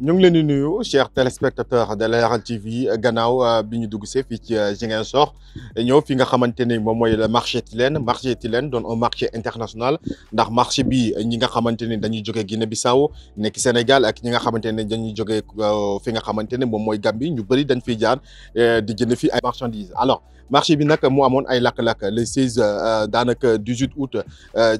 ñu ngi leen di nuyu chers téléspectateurs de Leral TV gannaaw euh, bi ñu dugg see fii ci euh, Ziguinchor ñëw fi nga xamante ni moom mooy le marché Tilène marché Tilène doon un marché international ndax marché bi ñi nga xamante ni dañuy jógee Guinée Bissau nekk Sénégal ak ñi nga xamante ni dañuy jógee euh, fi nga xamante ni moom mooy Gambie ñu bëri dañ fiy jaar di jënd fii ay marchandises alors marché bi nag mu amoon ay lakk-lakk le 16 daanaka 18 août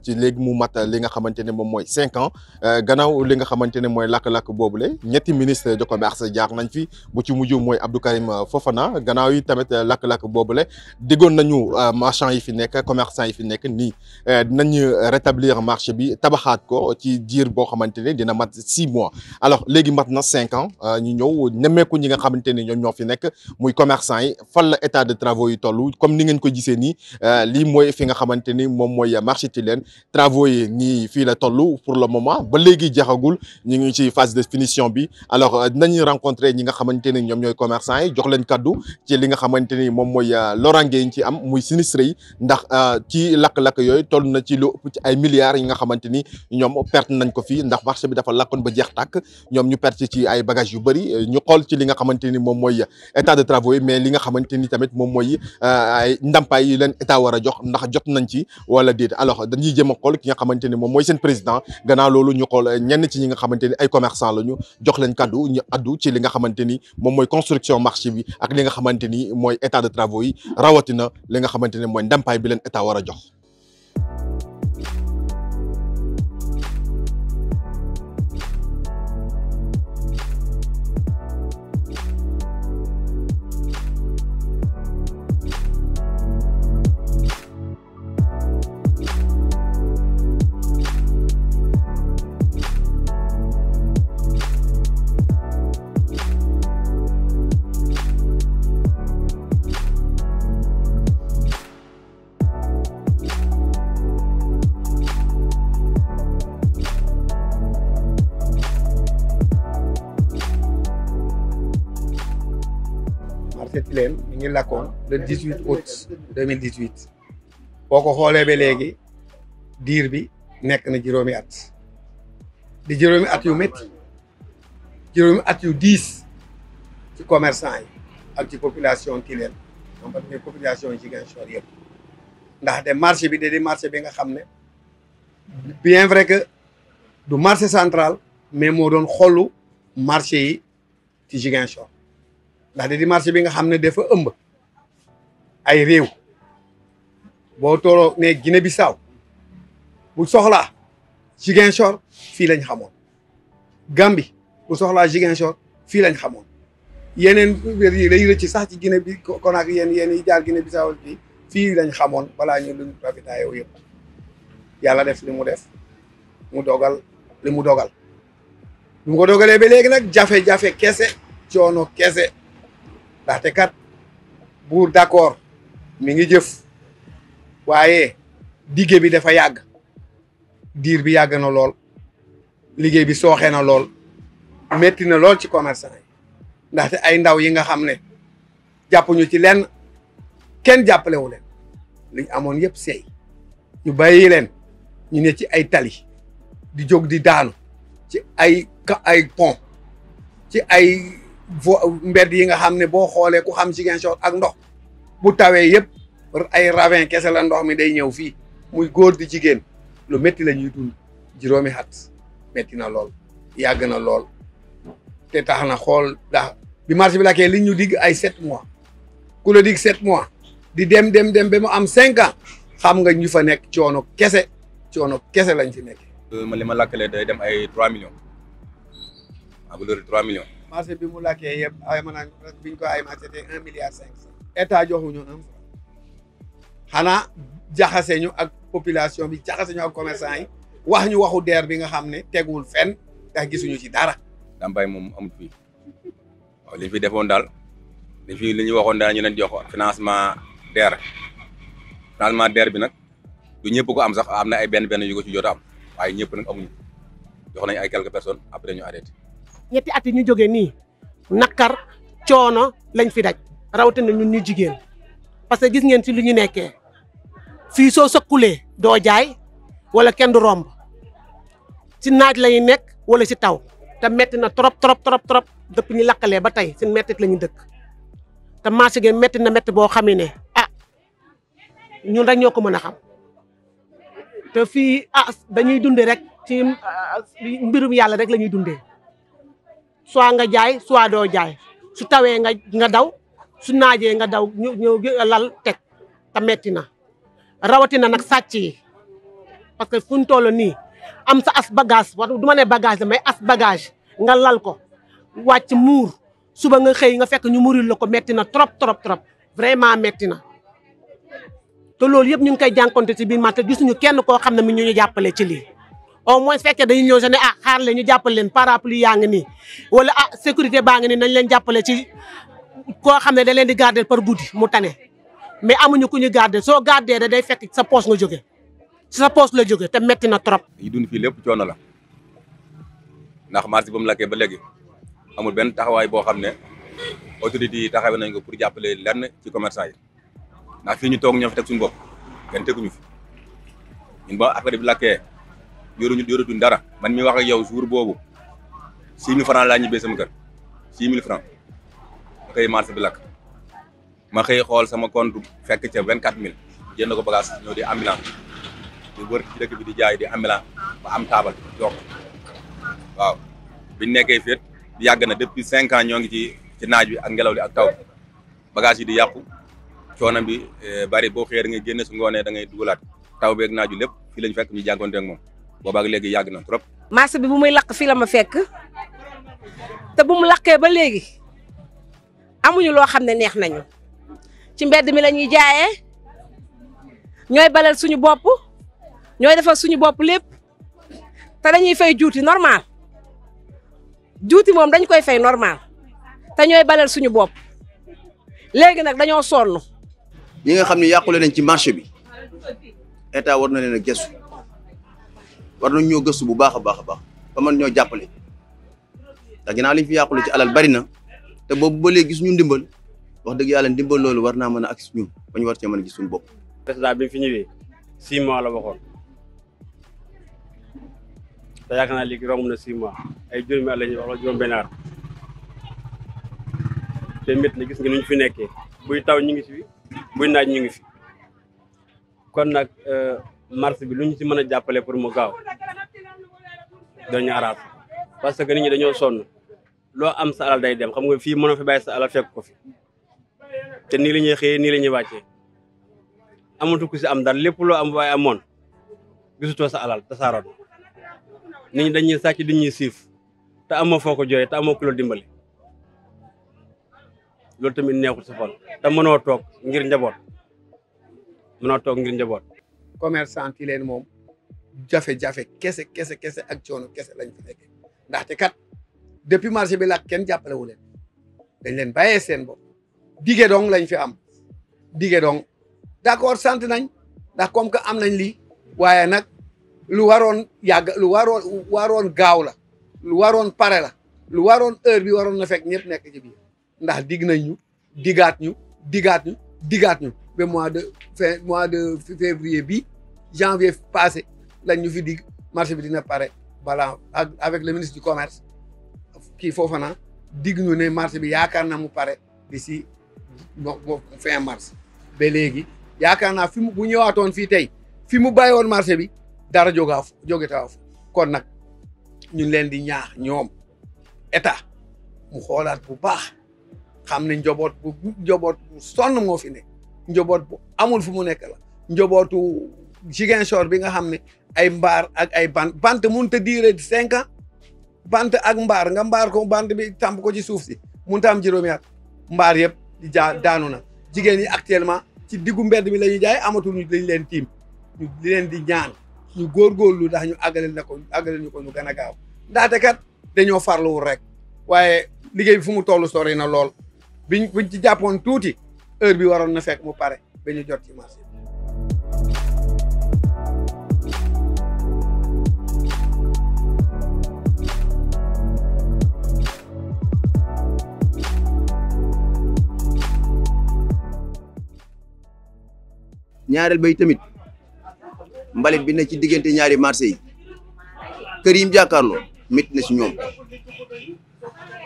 ci léegi mu mat li nga xamante ni moom mooy cinq ans gannaaw li nga xamante ni mooy lakk-lakk boobule ñetti ministre de ak sa jaar nañ fi bu ci mujj mooy Abdou Karim Fofana gannaaw yi tamit lakk-lakk boobule déggoon nañu euh, marchand yi fi nekk commerçant yi fi nekk nii euh, dinañ rétablir marché bi tabaxaat ko ci jiir boo xamante ne dina mat six mois alors léegi mat na cinq ans euh, ñu ñëw nemmeeku ñi nga xamante ni ñoo ñoo fi nekk muy commerçant yi fan la état de travaux yi tollu comme ni ngeen ko gisee nii lii mooy fi nga xamante ni moom mooy marché Tilène travaux yi nii fii la toll pour le moment ba léegi jeexagul ñu ngi ci phase de finition bi bi alors euh, dinañu rencontrer ñi nga xamante ni ñoom ñooy commerçant yi jox leen kaddu ci li nga xamante ni moom mooy euh, lorange yi ci am muy sinistre yi ndax euh, ci lakk-lakk yooyu toll na ci lu ay milliards yi nga xamante ni ñoom perte nañ ko fii ndax marché bi dafa lakkoon ba jeex tàkk ñoom ñu perte ci ay bagage yu bëri ñu xool ci li nga xamante ni moom mooy état de travaux yi mais li nga xamante ni tamit moom mooy ay ndàmpaay yi leen état war a jox ndax jot nañ ci wala déet alors dañuy jëm a xool ki nga xamante ni moom mooy seen président gannaaw loolu ñu xool ñenn ci ñi nga xamante ni ay commerçant lañu jox leen kàddu ñu addu ci li nga xamante ni moom mooy construction marché i ak li nga xamante ni mooy état de travaux yi rawatina li nga xamante ni mooy ndàmpaay bi leen état war jox. lycée Tilène mi ngi lakkoon le 18 août 2018 boo ko xoolee ba léegi diir bi nekk na juróomi at di juróomi at yu métti juróomi at yu diis ci commerçant yi ak ci population Tilène en population yi yëpp ndax de marché bi da di marché bi nga xam ne bien vrai que du marché central mais moo doon xolu marché yi ci Ziguinchor ndax di marché bi nga xam ne dafa ëmb ay réew boo tooloo ne Guinée Bissau bu soxlaa Ziguinchor fii lañ xamoon Gambie bu soxlaa Ziguinchor fii lañ xamoon yeneen yi lay rëcc sax ci Guinée bi Conakry yéen yéen yi jaar Guinée Bissau bi fii lañ xamoon balaa ñu luñ profité yow yëpp def li mu def mu dogal li mu dogal lu mu ko dogalee ba léegi nag jafe-jafe kese coono kese ndaxte kat buur d'accord mi ngi jëf waaye digge bi dafa yàgg diir bi yàgg na lool liggéey bi sooxe na lool métti na lool ci commerçant ndaxte ay ndaw yi nga xam ne jàppuñu ci lenn kenn jàppalewu leen liñ amoon yëpp seey ñu bàyyi leen ñu ne ci ay tali di jóg di daanu ci ay ay pont ci ay mbedd yi nga xam ne boo xoolee ku xam Ziguinchor ak ndox bu tawee yëpp ay ravin kese la ndox mi day ñëw fii muy góor di jigéen lu métti la ñuy dund juróomi xat métti na lool yàgg na lool te tax na xool ndax bi marché bi lakkee li ñu digg ay sept mois ku la digg sept mois di dem dem dem ba mu am cinq ans xam nga ñu fa nekk coono kese coono kese lañ ci nekk. Euh, ma li ma lakkalee day dem ay trois millions à valeur de trois millions. marché bi mu lakkee yëpp ay maanaam bi ñu ko ay marché te un milliard cinq cent état joxuñu un franc xanaa ñu ak population bi jaxase ñu ak commerçant yi wax ñu waxu DER bi nga xam ne teguwul fenn gisuñu ci dara. ndàmpaay moom amut fi waaw li fi defoon daal li fi li ñu waxoon daal ñu leen jox financement DER financement DER bi nag du ñëpp am sax am na ay benn benn yu ko ci jot am waaye ñëpp nag amuñu jox nañ ay quelques personnes après ñu arrêté. ñetti at yi ñu jógee nii nakar coono lañ fi daj rawatina ñun ñu jigéen parce que gis ngeen si lu ñu nekkee fii soo sëkkulee doo jaay wala kenn du romb si naaj lañuy nekk wala si taw te metti na trop trop trop trop dëpp ñu lakkalee ba tey seen mettit la ñu dëkk te marché gi metti na metti boo xamee ne ah ñun rek ñoo ko mën a xam te fii ah dañuy dundee rek ci ah, mbirum yàlla rek lañuy dundee soit nga jaay soit doo jaay su tawee nga nga daw su naajee nga daw ñu ñëw lal teg te metti na rawatina nag sàcc yi parce que fu toll nii am sa as bagage wax du ma ne bagage la mais as bagage nga lal ko wàcc muur suba nga xëy nga fekk ñu muuril la ko metti na trop trop trop vraiment metti na te loolu yëpp ñu ngi koy jànkonte ci biir marché gisuñu kenn koo xam ne mi ñu ñu jàppale ci lii au moins fekkee dañu ñëw sax ne ah xaar la ñu jàppale leen parapluie yaa ngi nii wala ah sécurité baa ngi nii nañ leen jàppale ci koo xam ne da leen di garder par guddi mu tane mais amuñu ku ñu garder soo garder da day fekk sa poche nga jóge sa poche la jóge te metti na trop. yi dund fii lépp coono la ndax marché ba mu lakkee ba léegi amul benn taxawaay boo xam ne autorités yi taxawee nañ ko pour jàppale lenn ci commerçant yi ndax fii ñu toog ñoo fi teg suñu bopp kenn teguñu fi ñun yoruñu yoratuñ dara man mi wax yow jour boobu 6000 francs laa ñibbee sama kër 6000 francs ma xëy marché bi lakk ma xëy xool sama compte fekk ca 24000 jënd ko bagage ñëw di ambulance ñu dëkk bi di jaay di ambulance ba am taabal toog waaw biñ nekkee féet yàgg na depuis 5 ans ñoo ngi ci ci naaj bi ak ngelaw li ak taw bagage yi di yàqu coono bi eh, bari boo xëyee da ngay génne su ngoonee da ngay dugalaat taw beeg naaju lépp fii lañ fekk ñu jànkoonte ak moom ak léegi yàgg na trop. marché bi bu muy lakk fii la ma fekk te bu mu lakkee ba léegi amuñu loo xam ne neex nañu ci mbedd mi lañuy ñuy ñooy balal suñu bopp ñooy defal suñu bopp lépp te dañuy fay juuti normal juuti moom dañ koy fay normal te ñooy balal suñu bopp léegi nag dañoo sonn. ñi nga xam ne yàqule nañ ci marché bi état war na leen a gëstu war nañ ñoo gëstu bu baax a baax a baax ba man ñoo jàppale ndax naa liñ fi yàqule ci alal bari na te boobu ba léegi gis ñu ndimbal wax dëgg yàlla ndimbal loolu war naa mën a ak si ñun war cee mën a gis suñu bopp. président bi fi ñëwee six mois la waxoon te yaakaar naa léegi na six mois ay juróomi at la ñuy wax wala juróom benn te métti na gis nga nuñ fi nekkee buy taw ñu ngi fi buy naaj ñu fi kon nag. Euh, marche bi lu ñu ci mën a jàppale pour mu gaaw dañu arrangé parce que nit ñi dañoo sonn loo am sa alal day dem xam nga fii mënoo fi bàyyi sa alal fekk ko fi te nii la ñuy xëyee nii la ñuy wàccee amatu ku si am dara lépp loo am waaye amoon gisutoo sa alal tasaaroon nit ñi dañuy sàcc di ñuy siif te amoo foo ko jooyee te amoo ku dimbali loolu tamit neexul si xol te mënoo toog ngir njaboot mënoo toog ngir njaboot. commerçant yi leen moom jafe-jafe kese kese kese ak coono kese lañ fi nekkee ndaxte kat depuis marché bi làkk kenn jàppale wu leen dañ leen bàyyee seen bopp dige dong lañ fi am dige dong d'accord sant nañ ndax comme que am nañ lii waaye nag lu waroon yàgg lu waroon waroon gaaw la lu waroon pare la lu waroon heure bi waroon na fekk ñëpp nekk ci biir ndax dig nañ ñu digaat ñu digaat ñu digaat ñu ba mois de fin mois de février bi janvier passé lañ ñu fi dig marché bi dina pare balaa ak avec le ministre du commerce kii Fofana dig ñu ne marché bi yaakaar naa mu pare d'ici fin mars ba léegi yaakaar naa fi mu bu ñëwaatoon fii tey fi mu bàyyi woon marché bi dara jógaa jóge taaw kon nag ñu leen di ñaax ñoom état mu xoolaat bu baax xam ne njaboot bu njaboot moo fi ne njaboot bu amul fu mu nekk la njabootu Ziguinchor bi nga xam ne ay mbaar ak ay bant bant mënut a diire cinq ans bant ak mbaar nga mbaar ko bant bi tàmp ko ci suuf si mënut a am juróomi mbaar yëpp jaa daanu na jigéen ñi actuellement ci diggu mbedd mi la ñuy jaay amatul ñu lañ leen tiim ñu di leen di ñaan ñu góorgóorlu ndax ñu àggaleel na ko àggaleel ñu ko ñu gën a gaaw ndaate kat dañoo farluwul rek waaye liggéey fu mu toll sori na lool biñ buñ ci jàppoon tuuti eur bi waroon na fekk mu pare ba jot ci marché ñaareel bay tamit mbalit bi ne ci diggante ñaari marché yi kër yi mu jàkkaarloo mit na si ñoom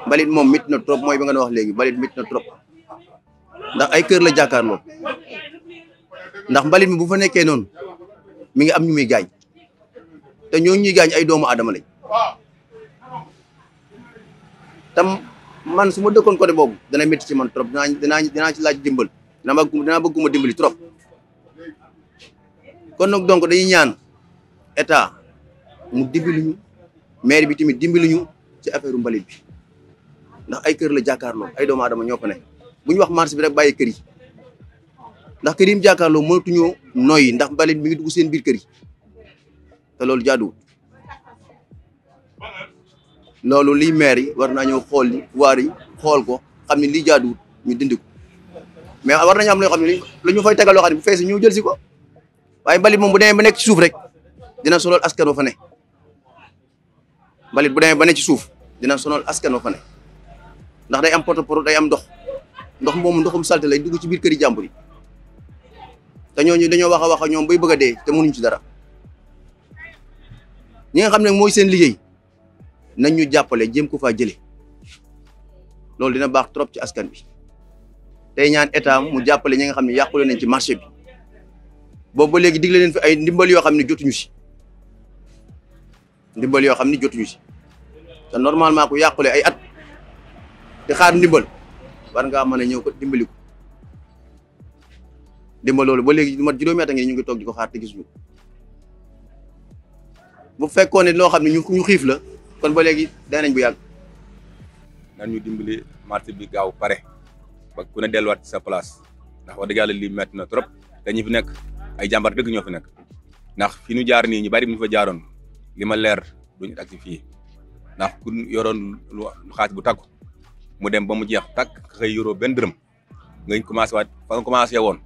mbalit moom mit na trop mooy ba nga wax léegi mbalit mit na trop ndax ay kër la jàkkaarloo ndax mbalit mi bu fa nekkee noonu mi ngi am ñu muy gaañ te ñooñu ñuy gaañ ay doomu aadama lañ tam man su ma dëkkoon côté boobu dana métti ci man trop dinaa dinaa dinaa ci laaj dimbal dinaa bëgg dinaa ma dimbali trop kon nag donc dañuy ñaan état mu dimbali ñu bi tamit dimbali ñu ci affaire mbalit bi ndax ay kër la jàkkaarloo ay doomu aadama ñoo fa nekk bu ñu wax marché bi rek bàyyi kër yi ndax kër yi mu jàkkaarloo mënatuñoo noyyi ndax mbalit mi ngi dugg seen biir kër yi loolu jaaduwul loolu liy maire yi war naa ñëw xool li waar yi xool ko xam ne lii jaaduwul ñu dindi ko mais war nañu am loo xam ne lu ñu fay tegal loo xam ne bu feesee ñu jël si ko waaye mbalit moom bu demee ba nekk ci suuf rek dina sonal askan wa fa ne bu demee ba nekk ci suuf dina sonal askan wa fa ndax day am porte-porte day am ndox ndox moomu ndoxum salte lay dugg ci biir këri jàmbur yi ñooñu dañoo wax a wax a ñoom bay bëgg a dee te mënuñ ci dara ñi nga xam ne mooy seen liggéey nañ ñu jàppale jéem ko faa jëlee loolu dina baax trop ci askan bi tey ñaan état mu jàppale ñi nga xam ne yàqule nañ ci marché bi boobu ba léegi digle leen fi ay ndimbal yoo xam ne jotuñu si ndimbal yoo xam ne jotuñu si te normalement ku yàqule ay at di xaar ndimbal. war ngaa mën a ñëw ko dimbali ko loolu ba léegi mat juróomi at a ngi ñu ngi toog di ko xaar te gisuñu bu fekkoon ne loo xam ne ñu xiif la kon ba léegi day nañ bu yàgg. nan ñu dimbali marché bi gaaw pare ba ku ne delluwaat sa place ndax wax dëgg yàlla lii na trop te ñi fi nekk ay jàmbar dëgg ñoo fi nekk ndax fi ñu jaar nii ñu bari ñu fa jaaroon li ma leer duñu agsi fii ndax ku yoroon lu xaaj mu dem ba mu jeex takk xëy yoroo benn dërëm nga commencé waat fa nga commencé woon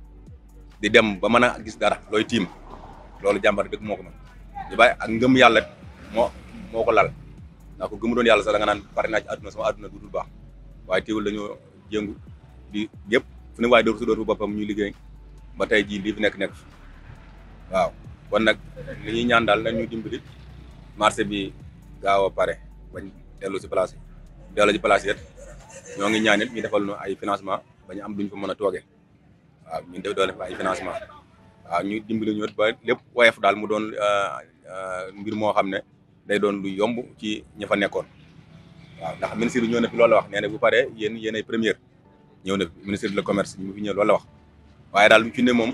di dem ba mën a gis dara looy tiim loolu jàmbar dëgg moo ko mën ñu bàyyi ak ngëm yàlla moo moo ko lal ndax ko gëmu doon yàlla sax da nga naan pare naa ci àdduna sama àdduna du dul baax waaye teewul dañoo jëngu di yëpp fu ne waaye dóor su dóor bu ñuy liggéey ba tey jii lii fi nekk nekk waaw kon nag li ñaan daal na ñu dimbali marché bi gaaw a pare bañ dellu si place yi dellu si ñoo ngi ñaanit ñu defal ñu ay financement ba ñu am duñ ko mën a toogee waaw ñu def doon def ay financement waaw ñu dimbali ñu ba lépp woyof daal mu doon euh, mbir moo xam ne day doon lu yomb ci ña fa nekkoon waaw ndax ministre bi ñëw na fi loolu wax nee na bu paree yéen yéen ay première ñëw na fi ministre de commerce ñu fi ñëw loolu wax waaye daal ci ne moom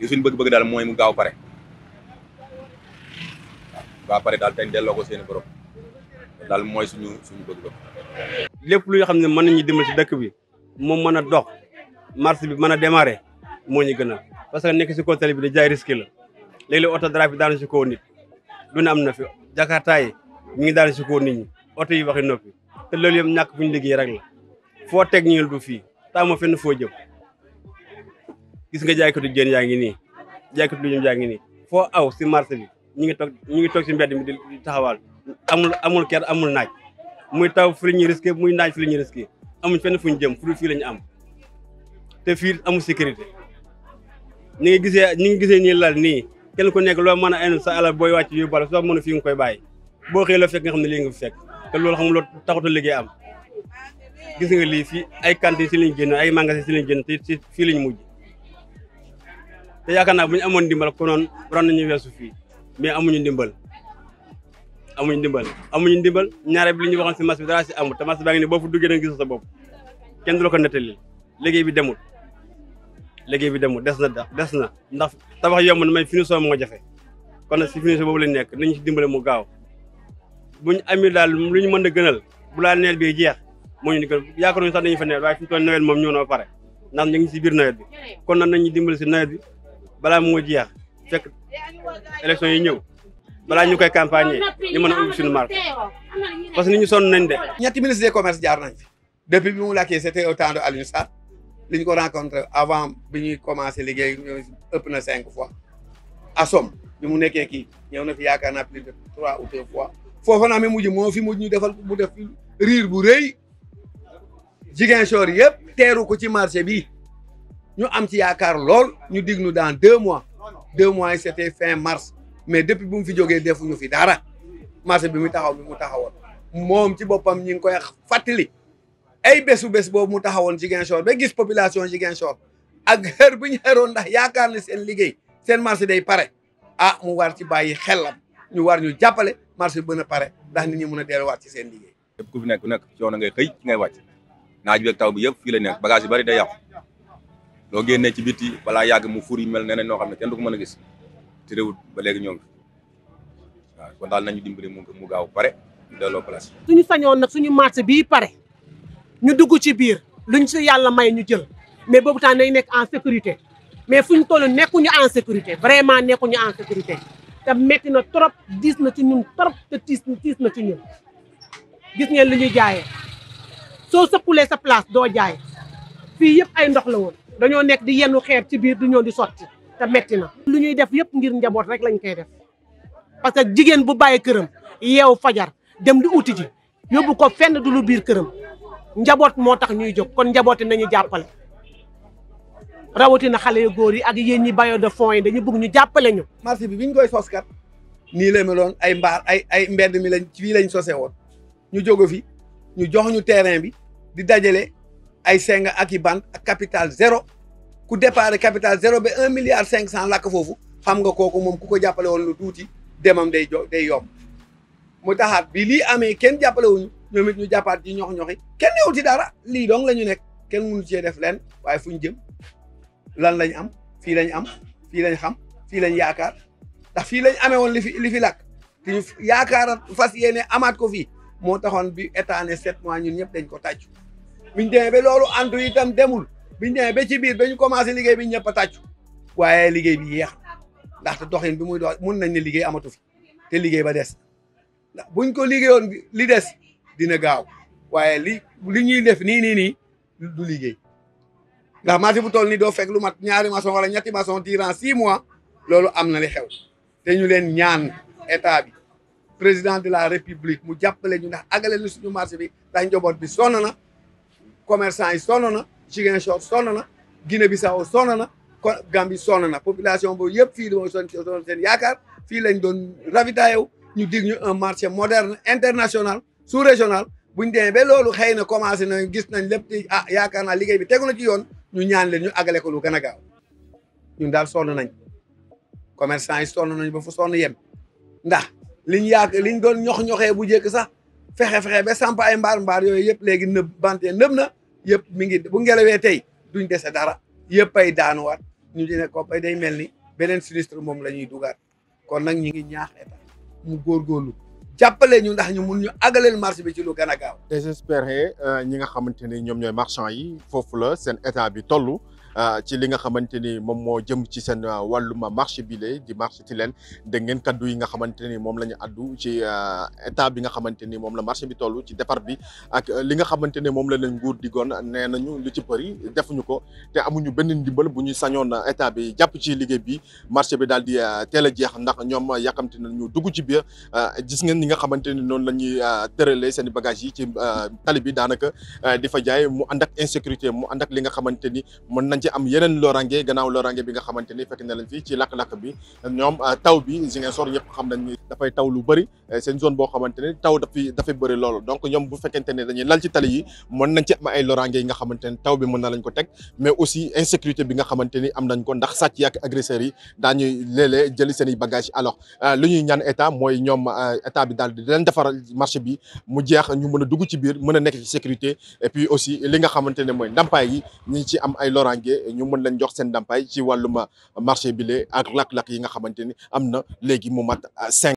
li suñu bëgg-bëgg daal mooy mu gaaw pare waaw gaaw pare daal dañ delloo ko seeni borom daal mooy suñu suñu bëgg-bëgg lépp lu nga xam ne mën nañu dimbali ci dëkk bi moom mën a dox marché bi mën a démarrer moo ñu gën a parce que nekk ci kaw tali bi da jaay risque la léeg-léeg oto dara bi daanu ci kaw nit lu ne am na fi jakarta yi ngi daanu ci kaw nit ñi yi waxi noppi te loolu yëpp ñàkk fu ñu liggéey rek la foo teg ñu du fii taamu fenn foo jëm gis nga jaaykatu jën yaa ngi nii jaaykatu lu ñu yaa ngi nii foo aw si marché bi ñu ngi toog ñu ngi toog ci mbedd mi di taxawal amul amul ker amul naaj muy taw fi la ñuy risqué muy naaj fi la ñuy risqué amuñ fenn fu ñu jëm fu fii la am te fii amul sécurité ni gisee ni nga gisee nii lal nii kenn ku nekk loo mën a indi sa alal booy wàcc yu bala soo mën a fii nga koy bàyyi boo xëy la fekk nga xam ne lii nga fi fekk te loolu xam loolu taxuta liggéey am gis nga lii fii ay cantine si lañ génn ay magasin si lañ génn te fii lañ mujj te yaakaar naa bu ñu amoon ndimbal konoon ron nañu weesu fii mais amuñu ndimbal amuñ ndimbal amuñ ndimbal ñaare bi lu ñu waxoon si mas bi dara si amul te mas baa ngi ne boo fu duggee da nga gis sa kenn du la ko nettali bi demul liggéey bi demul des na des na ndax tabax yomb na may finition moo jafe kon na si finition boobu lañ nekk nañu si dimbale mu gaaw buñ amee daal lu ñu mën a gënal bu laa neer bi jeex moo ñu ni gën yaakaar nañu sax ñu fa neel waaye fi mu toll nawet moom ñëw na pare ndax ñu ngi si biir nawet bi kon nag nañu dimbale si nawet bi balaa moo jeex fekk yi ñëw balaa ñu koy campagne ñu mën a ubbi suñu parce que nit ñu son nañ de. ñetti ministre commerce jaar nañ fi depuis bi mu lakkee c' était au temps de Alioune Sarr li ñu ko rencontré avant bi ñuy commencé liggéey ëpp na cinq fois Assom bi mu nekkee kii ñëw na fi yaakaar naa plus de trois ou deux fois foofa naa mi mujj moo fi mujj ñu defal mu def riir bu rëy jigéen soor yëpp teeru ko ci marché bi ñu am ci yaakaar lool ñu dignu dans deux mois deux mois yi fin mars. mais depuis bu mu fi jógee defuñu fi dara marché bi mu taxaw bi mu taxawoon moom ci boppam ñi ngi koy fàttali ay besu bés boobu mu taxawoon Ziguinchor ba gis population Ziguinchor ak xeer bu ñu xeeroon ndax yaakaar ne seen liggéey seen marché day pare a ah mu war ci bàyyi xelam ñu war ñu jàppale marché bi mën pare dax nit ñi mën a delluwaat ci seen liggéey. yëpp ku fi nekk ku nekk ci yoon ngay xëy ci ngay wàcc naaj bi ak taw bi yëpp fii la nekk bagage yu bari day yàqu loo génnee ci biti balaa yàgg mu fur yi mel nee nañ noo xam ne kenn du ko mën a gis. te wut ba léegi ñoo ngi waaw kon daal nañu dimbali mu gaaw pare ñu delloo place suñu sañoon nag suñu marché bii pare ñu dugg ci biir luñ si yàlla may ñu jël mais boobu temps nañ nekk en sécurité mais fuñ toll nekkuñu en sécurité vraiment nekkuñu en sécurité te métti na trop diis na ci ñun trop te tiis na ci ñun gis ngeen lu ñuy jaaye soo sëkkulee sa place doo jaay fii yëpp ay ndox la woon dañoo nekk di yennu xeer ci biir du ñoo di sotti te metti na. lu ñuy def yëpp ngir njaboot rek lañ koy def parce que jigéen bu bàyyi këram yeew fajar dem di uti ji yóbbu ko fenn du lu biir këram njaboot moo tax ñuy jóg kon njabooti nañu jàppale. rawatina xale yu góor yi ak yéen ñi bailleurs de fonds yi dañu bëgg ñu jàppale ñu. marché bi bi ñu koy sos kat nii la meloon ay mbaar ay ay mbedd mi lañ fii lañ sosee woon ñu jóge fi ñu jox ñu terrain bi di dajale ay seng ak i bant ak capital ku départ capital zéro ba un milliard cinq cent lakk foofu xam nga kooku moom ku ko jàppale woon lu tuuti demam day jo day yomb mu taxaat bi lii amee kenn jàppale wuñu ñoom ñu jàppaat di ñox-ñoxi kenn newul ci dara lii dong la ñu nekk kenn mënu cee def leen waaye fu ñu jëm lan lañ am fii lañ am fii lañ xam fii lañ yaakaar ndax fii lañ amee woon li fi li fi lakk te yaakaar fas yéene amaat ko fii moo taxoon bi état ne sept mois ñun ñëpp dañ ko tàccu biñ demee ba loolu antu itam demul biñ demee ba ci biir ba ñu commencé liggéey bi ñëpp a waaye liggéey bi yeex ndaxte doxin bi muy dox mun nañ ne liggéey amatu fi te liggéey ba des ndax buñ ko liggéeyoon li des dina gaaw waaye li li ñuy def nii nii nii du liggéey ndax marché bu toll nii doo fekk lu mat ñaari maçon wala ñetti maçon durant six mois loolu am na li xew te ñu leen ñaan état bi président de la république mu jàppale ñu ndax agale lu suñu marché bi ndax njaboot bi sonn na commerçant yi sonn na Ziguinchor sonn na Guinée Bissau sonn na Gambie sonn na population boobu yëpp fii la son doon seen yaakaar fii lañ doon ravitaillé ñu dig ñu un marché moderne international sous régional buñ demee ba loolu xëy na commencé nañ gis nañ lépp di ah yaakaar naa liggéey bi tegu na ci yoon ñu ñaan leen ñu àggale ko lu gën ñu gaaw ñun daal sonn nañ commerçant yi sonn nañ ba fu sonn yem ndax liñ yaak liñ doon ñox ñoxe bu njëkk sax fexe-fexe ba samp ay mbaar mbaar yooyu yëpp léegi nëb bante nëb na yëpp mi ngi bu ngelawee tey duñ dese dara yëpp ay daanuwaat ñu dine ko bay day mel ni beneen sinistre moom la ñuy dugaat kon nag ñi ngi ñaax état mu góorgóorlu jàppale ñu ndax ñu mun ñu àggaleel marché bi ci lu gën a gaaw désespéré euh, ñi nga xamante ni ñoom ñooy marchand yi foofu la seen état bi toll Euh, ci li nga xamante ni moom moo jëm ci seen euh, wàllum marché bi la di marché ci leen dégg ngeen kaddu yi nga xamante ni moom la ñu addu ci euh, état bi nga xamante ni moom la marché bi toll ci départ bi ak li nga xamante ne moom la leen nguur di goon nee nañu lu ci bëri defuñu ko te amuñu benn ndimbal bu ñu sañoon état bi jàpp ci liggéey bi marché bi daal di teel a jeex ndax ñoom yàkkamti nañu dugg ci biir gis ngeen ñi nga xamante ni noonu la ñuy tëralee seen bagage yi ci tali bi daanaka di fa jaay mu ànd ak insécurité mu ànd li nga xamante ni mën nañ ci am yeneen lorange gannaaw lorange bi nga xamante ni fekk na leen fii ci lakk-lakk bi ñoom euh, taw bi Ziguinchor ñëpp dafay taw lu bëri euh, seen zone boo xamante taw ne dañuy lal ci tali yi mën nañ ci am ay lorange yi nga xamante ni taw bi mën na lañ ko teg mais aussi insécurité bi nga xamante ni am nañ ko ndax sàcc yàq agresseurs yi daañuy léeg-léeg jëli seen bagage alors euh, lu ñaan état mooy ñoom état bi daal di leen marché bi mu jeex ñu mën a dugg ci biir mën a nekk ci sécurité et puis aussi li nga xamante ne mooy ndampaay yi ñi ci am ay ñu mën leen jox seen ndàmpaay ci wàllum marché bile a lakk-lakk yi nga xamante ni am